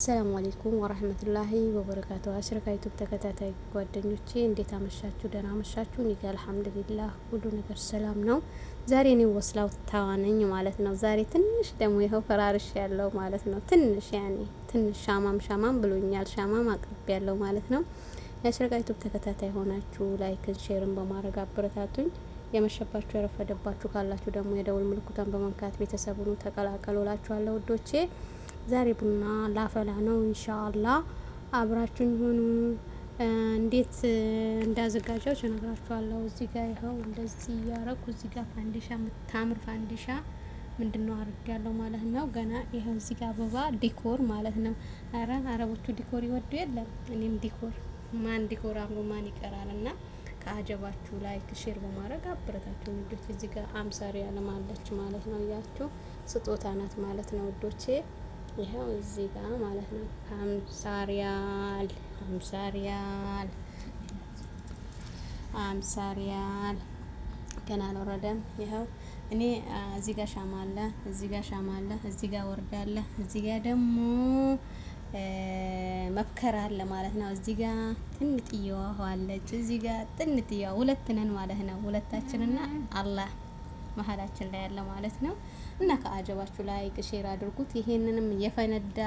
አሰላሙ አሌይኩም ወረህመቱላሂ ወበረካቱ። አሽረካ ዩቱብ ተከታታይ ጓደኞቼ እንዴት አመሻችሁ? ደህና አመሻችሁ? እኔ ጋር አልሐምዱሊላህ ሁሉ ነገር ሰላም ነው። ዛሬ እኔ ወስላው ነኝ ማለት ነው። ዛሬ ትንሽ ደግሞ ይኸው ፈራርሽ ያለው ማለት ነው። ትንሽ ያኔ ትንሽ ሻማም ሻማም ብሎኛል። ሻማም አቅርብ ያለው ማለት ነው። የአሽረካ ዩቱብ ተከታታይ ሆናችሁ ላይክን ሼርን በማድረግ አበረታቱኝ። የመሸባችሁ የረፈደባችሁ ካላችሁ ደግሞ የደውል ምልክቷን በመንካት ቤተሰቡን ተቀላቀሉ እላችኋለሁ ውዶቼ ዛሬ ቡና ላፈላ ነው ኢንሻአላ አብራችሁን ሆኑ። እንዴት እንዳዘጋጃው እነግራችኋለሁ። እዚህ ጋር ይኸው እንደዚህ እያረኩ እዚህ ጋር ፋንዲሻ የምታምር ፋንዲሻ ምንድን ነው አድርግ ያለው ማለት ነው። ገና ይኸው እዚህ ጋር አበባ ዲኮር ማለት ነው። አረ አረቦቹ ዲኮር ይወዱ የለም እኔም ዲኮር ማን ዲኮር አምሮ ማን ይቀራል እና ከአጀባችሁ ላይክ ሼር በማድረግ አብረታችሁ ውዶች። እዚህ ጋር አምሳሪያ ለማለች ማለት ነው እያችሁ ስጦታ ናት ማለት ነው ውዶቼ። ይኸው እዚህ ጋ ማለት ነው። ሀምሳ ሪያል ሀምሳ ሪያል ሀምሳ ሪያል ገና አልወረደም። ይኸው እኔ እዚህ ጋ ሻማ አለ፣ እዚህ ጋ ሻማ አለ፣ እዚህ ጋ ወርዳለ፣ እዚህ ጋ ደግሞ መብከር አለ ማለት ነው። እዚህ ጋ ጥንጥየዋ አለች፣ እዚህ ጋ ጥንጥየዋ ሁለት ነን ማለት ነው። ሁለታችንና አላህ መሀላችን ላይ ያለ ማለት ነው። እና ከአጀባችሁ ላይክ ሼር አድርጉት። ይሄንንም የፈነዳ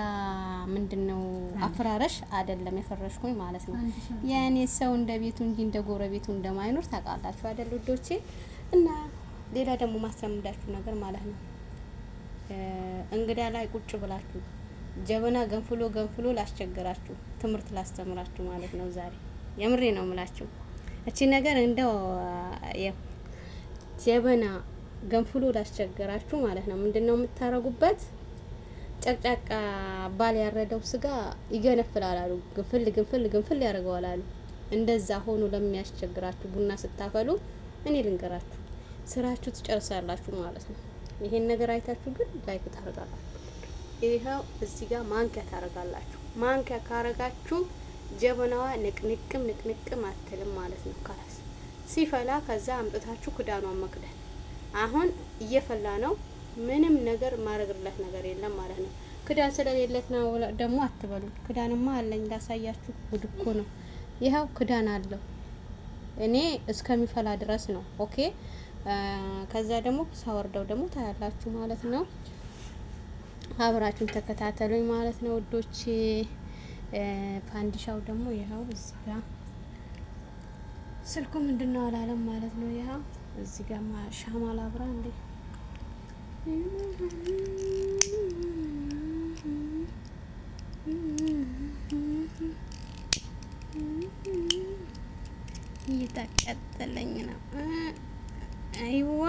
ምንድን ነው አፈራረሽ አይደለም የፈረሽኩኝ ማለት ነው። የእኔ ሰው እንደ ቤቱ እንጂ እንደ ጎረቤቱ እንደማይኖር ታውቃላችሁ አይደል ውዶቼ። እና ሌላ ደግሞ ማስለምዳችሁ ነገር ማለት ነው እንግዳ ላይ ቁጭ ብላችሁ ጀበና ገንፍሎ ገንፍሎ ላስቸግራችሁ ትምህርት ላስተምራችሁ ማለት ነው። ዛሬ የምሬ ነው ምላችሁ እቺ ነገር እንደው ጀበና ገንፍሎ ላስቸገራችሁ ማለት ነው። ምንድን ነው የምታረጉበት? ጨቅጫቃ ባል ያረደው ስጋ ይገነፍላል አሉ። ግንፍል ግንፍል ግንፍል ያደርገዋል አሉ። እንደዛ ሆኖ ለሚያስቸግራችሁ ቡና ስታፈሉ እኔ ልንገራችሁ፣ ስራችሁ ትጨርሳላችሁ ማለት ነው። ይሄን ነገር አይታችሁ ግን ላይክ ታደርጋላችሁ። ይኸው እዚህ ጋር ማንኪያ ታደርጋላችሁ። ማንኪያ ካረጋችሁ ጀበናዋ ንቅንቅም ንቅንቅም አትልም ማለት ነው። ካላስ ሲፈላ ከዛ አምጥታችሁ ክዳኗን መክደን አሁን እየፈላ ነው። ምንም ነገር ማረግለት ነገር የለም ማለት ነው። ክዳን ስለሌለት ነው ደግሞ አትበሉ። ክዳንማ አለኝ ላሳያችሁ። ጉድ እኮ ነው። ይኸው ክዳን አለው እኔ እስከሚፈላ ድረስ ነው። ኦኬ ከዛ ደግሞ ሳወርደው ደግሞ ታያላችሁ ማለት ነው። አብራችሁን ተከታተሉኝ ማለት ነው ውዶች። ፋንዲሻው ደግሞ ይኸው እዚህ ጋር ስልኩ ምንድነው አላለም ማለት ነው። ይኸው እዚህ ጋር ሻማ ላብራ እንዴ እየተቀጠለኝ ነው። አይዋ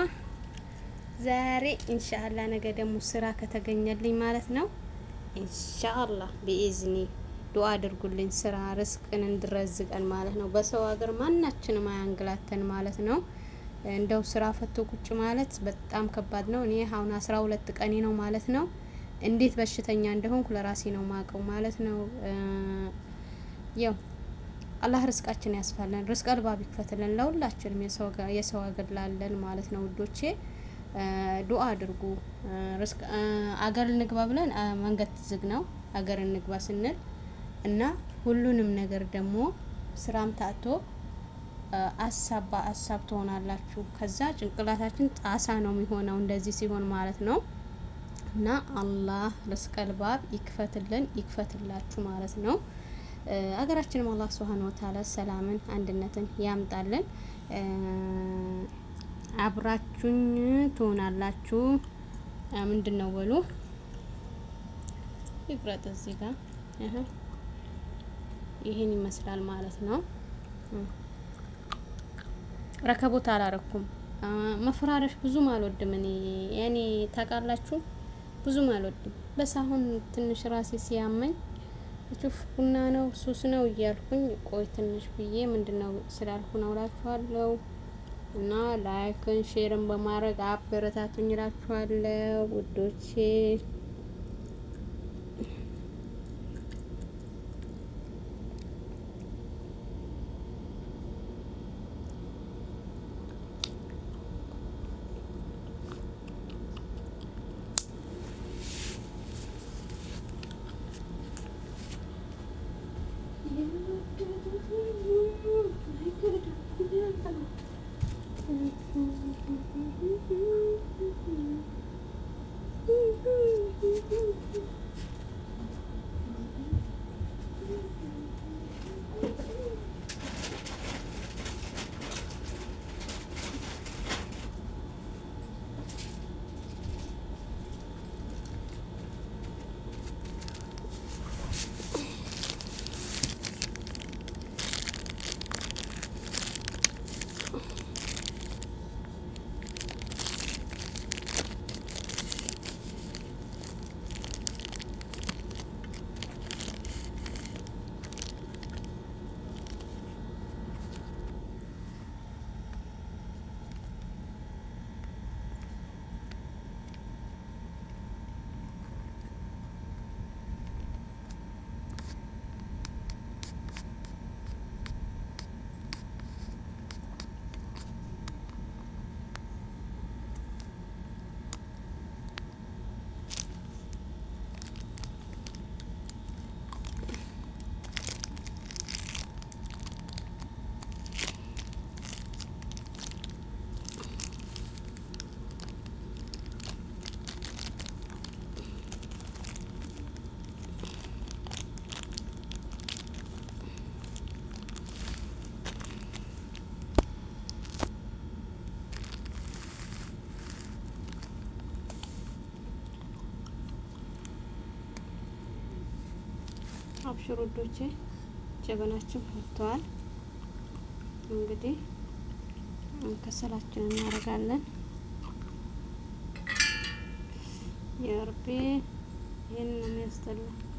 ዛሬ ኢንሻአላ ነገ ደግሞ ስራ ከተገኘልኝ ማለት ነው። ኢንሻአላ ቢኢዝኒ ዱአ አድርጉልኝ። ስራ ርስቅን እንድረዝቀን ማለት ነው። በሰው ሀገር ማናችንም አያንግላተን ማለት ነው። እንደው ስራ ፈቶ ቁጭ ማለት በጣም ከባድ ነው። እኔ አሁን አስራ ሁለት ቀኔ ነው ማለት ነው። እንዴት በሽተኛ እንደሆንኩ ለራሴ ነው ማቀው ማለት ነው። ያው አላህ ርስቃችን ያስፋለን፣ ርስቅ አልባብ ይክፈትልን ለሁላችንም የሰው አገር ላለን ማለት ነው ውዶቼ ዱአ አድርጉ። ርስቅ አገር እንግባ ብለን መንገድ ዝግ ነው። አገር እንግባ ስንል እና ሁሉንም ነገር ደግሞ ስራም ታጥቶ አሳብ በአሳብ ትሆናላችሁ። ከዛ ጭንቅላታችን ጣሳ ነው የሚሆነው እንደዚህ ሲሆን ማለት ነው። እና አላህ ለስቀልባብ ይክፈትልን ይክፈትላችሁ ማለት ነው። አገራችንም አላህ ሱብሃነሁ ወተዓላ ሰላምን አንድነትን ያምጣልን። አብራችሁኝ ትሆናላችሁ። ምንድን ነው በሉ ይብረጥ እዚህ ጋር ይህን ይመስላል ማለት ነው። ረከቦት አላረኩም። መፈራረሽ ብዙም አልወድም እኔ ያኔ ታውቃላችሁ፣ ብዙም አልወድም። በስ አሁን ትንሽ ራሴ ሲያመኝ ሱፍ ቡና ነው ሱስ ነው እያልኩኝ ቆይ ትንሽ ብዬ ምንድን ነው ስላልኩ ነው እላችኋለሁ። እና ላይክን ሼርን በማድረግ አበረታቱኝ እላችኋለሁ ውዶቼ። አብሽር ውዶቼ፣ ጀበናችን ፈልተዋል። እንግዲህ ከሰላችን እናደርጋለን። የእርቤ ይህን ነው የሚያስጠላ